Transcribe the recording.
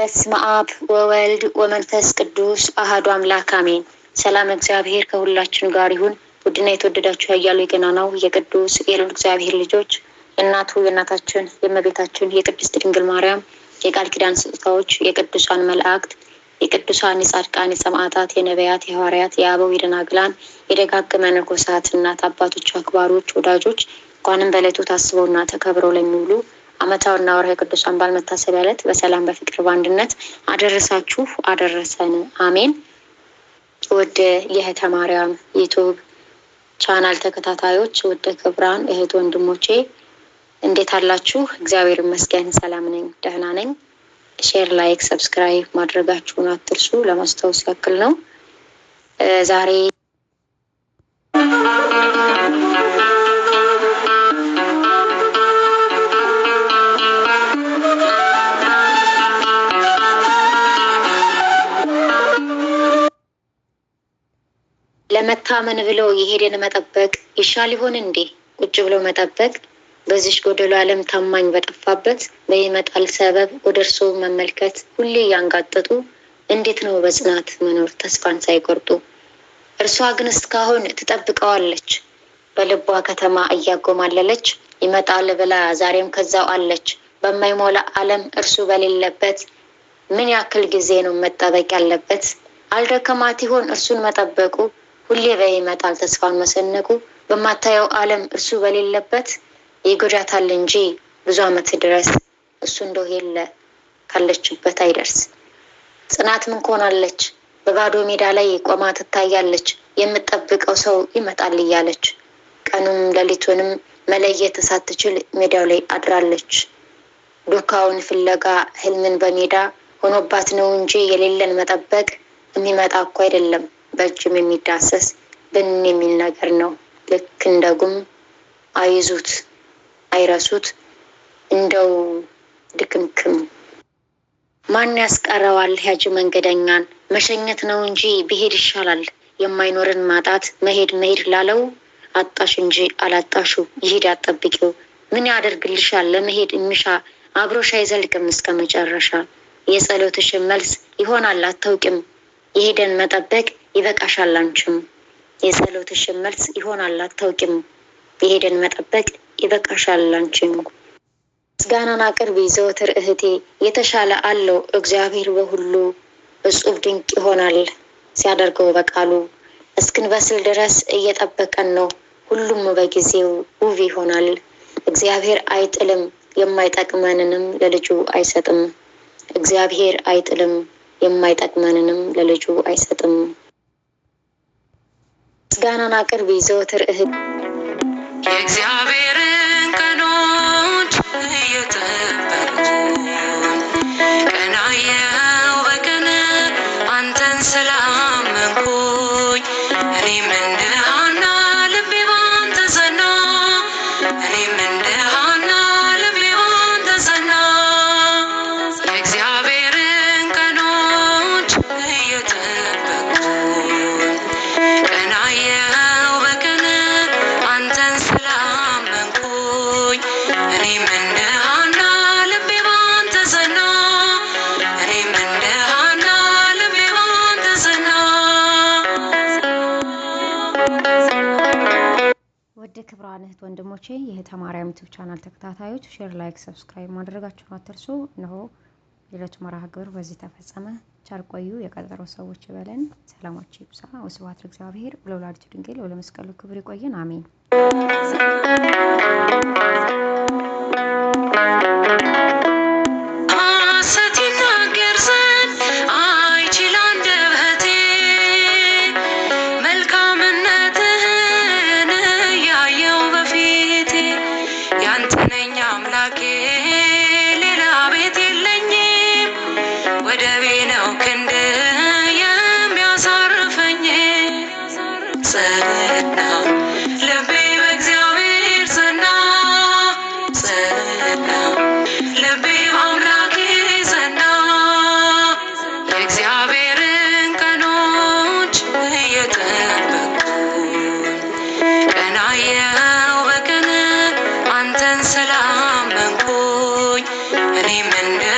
በስመ አብ ወወልድ ወመንፈስ ቅዱስ አህዱ አምላክ አሜን። ሰላም እግዚአብሔር ከሁላችን ጋር ይሁን። ውድና የተወደዳችሁ ያያሉ የገናናው የቅዱስ የልዑል እግዚአብሔር ልጆች የእናቱ የእናታችን የእመቤታችን የቅድስት ድንግል ማርያም የቃል ኪዳን ስጦታዎች የቅዱሳን መላእክት የቅዱሳን የጻድቃን የሰማዕታት የነቢያት የሐዋርያት የአበው የደናግላን የደጋግ መነኮሳት እናት አባቶች አክባሪዎች ወዳጆች እንኳንም በዕለቱ ታስበውና ተከብረው ለሚውሉ ዓመታዊና ወርሃዊ ቅዱሳን በዓል መታሰቢያ ዕለት በሰላም በፍቅር በአንድነት አደረሳችሁ አደረሰን፣ አሜን። ውድ የእህተ ማርያም ዩቱብ ቻናል ተከታታዮች፣ ውድ ክብራን እህት ወንድሞቼ እንዴት አላችሁ? እግዚአብሔር ይመስገን ሰላም ነኝ፣ ደህና ነኝ። ሼር፣ ላይክ፣ ሰብስክራይብ ማድረጋችሁን አትርሱ። ለማስታወስ ያክል ነው ዛሬ ለመታመን ብሎ የሄደን መጠበቅ ይሻል ይሆን እንዴ? ቁጭ ብሎ መጠበቅ በዚሽ ጎደሎ ዓለም ታማኝ በጠፋበት በይመጣል ሰበብ ወደ እርሶ መመልከት ሁሌ እያንጋጠጡ እንዴት ነው በጽናት መኖር ተስፋን ሳይቆርጡ? እርሷ ግን እስካሁን ትጠብቀዋለች በልቧ ከተማ እያጎማለለች ይመጣል ብላ ዛሬም ከዛው አለች በማይሞላ ዓለም እርሱ በሌለበት ምን ያክል ጊዜ ነው መጠበቅ ያለበት? አልደከማት ይሆን እርሱን መጠበቁ? ሁሌ ይመጣል ተስፋን መሰነቁ በማታየው ዓለም እርሱ በሌለበት ይጎዳታል እንጂ ብዙ ዓመት ድረስ እሱ እንደው የለ ካለችበት አይደርስ። ጽናት ምን ከሆናለች? በባዶ ሜዳ ላይ ቆማ ትታያለች። የምጠብቀው ሰው ይመጣል እያለች ቀኑም ሌሊቱንም መለየት ሳትችል ሜዳው ላይ አድራለች። ዱካውን ፍለጋ ህልምን በሜዳ ሆኖባት ነው እንጂ የሌለን መጠበቅ የሚመጣ እኮ አይደለም። በእጅም የሚዳሰስ ብን የሚል ነገር ነው። ልክ እንደ ጉም አይዙት፣ አይረሱት፣ እንደው ድክምክም ማን ያስቀረዋል? ያጅ መንገደኛን መሸኘት ነው እንጂ ብሄድ ይሻላል። የማይኖርን ማጣት መሄድ መሄድ ላለው አጣሽ እንጂ አላጣሹ ይሄድ አጠብቂው ምን ያደርግልሻል? ለመሄድ እምሻ አብሮሽ አይዘልቅም እስከ መጨረሻ። የጸሎትሽን መልስ ይሆናል አታውቂም። የሄደን መጠበቅ ይበቃሻል አንቺም የጸሎትሽን መልስ ይሆናል አታውቂም። የሄደን መጠበቅ ይበቃሻል አንቺም። ምስጋናን አቅርቢ ዘወትር እህቴ የተሻለ አለው እግዚአብሔር በሁሉ እጹብ ድንቅ ይሆናል ሲያደርገው በቃሉ እስክንበስል ድረስ እየጠበቀን ነው። ሁሉም በጊዜው ውብ ይሆናል። እግዚአብሔር አይጥልም የማይጠቅመንንም ለልጁ አይሰጥም። እግዚአብሔር አይጥልም የማይጠቅመንንም ለልጁ አይሰጥም። ምስጋናን አቅርብ ዘወትር እህል የእግዚአብሔርን ቀኖች እየጠበቁ ቀናየው በቀን አንተን ስላመንኩኝ እኔም እንደ ሐና ልቤ ባንተ ጸና እኔም እንደ ክብራን እህት ወንድሞቼ የእህተ ማርያም ዩቲዩብ ቻናል ተከታታዮች ሼር፣ ላይክ፣ ሰብስክራይብ ማድረጋችሁን አትርሱ። እነሆ የዕለቱ መርሃ ግብር በዚህ ተፈጸመ። ቸር ቆዩ። የቀጠሮ ሰዎች ይበለን። ሰላማችሁ ይብዛ። ወስብሐት ለእግዚአብሔር ወለወላዲቱ ድንግል ወለመስቀሉ ክብር። ይቆየን። አሜን። name and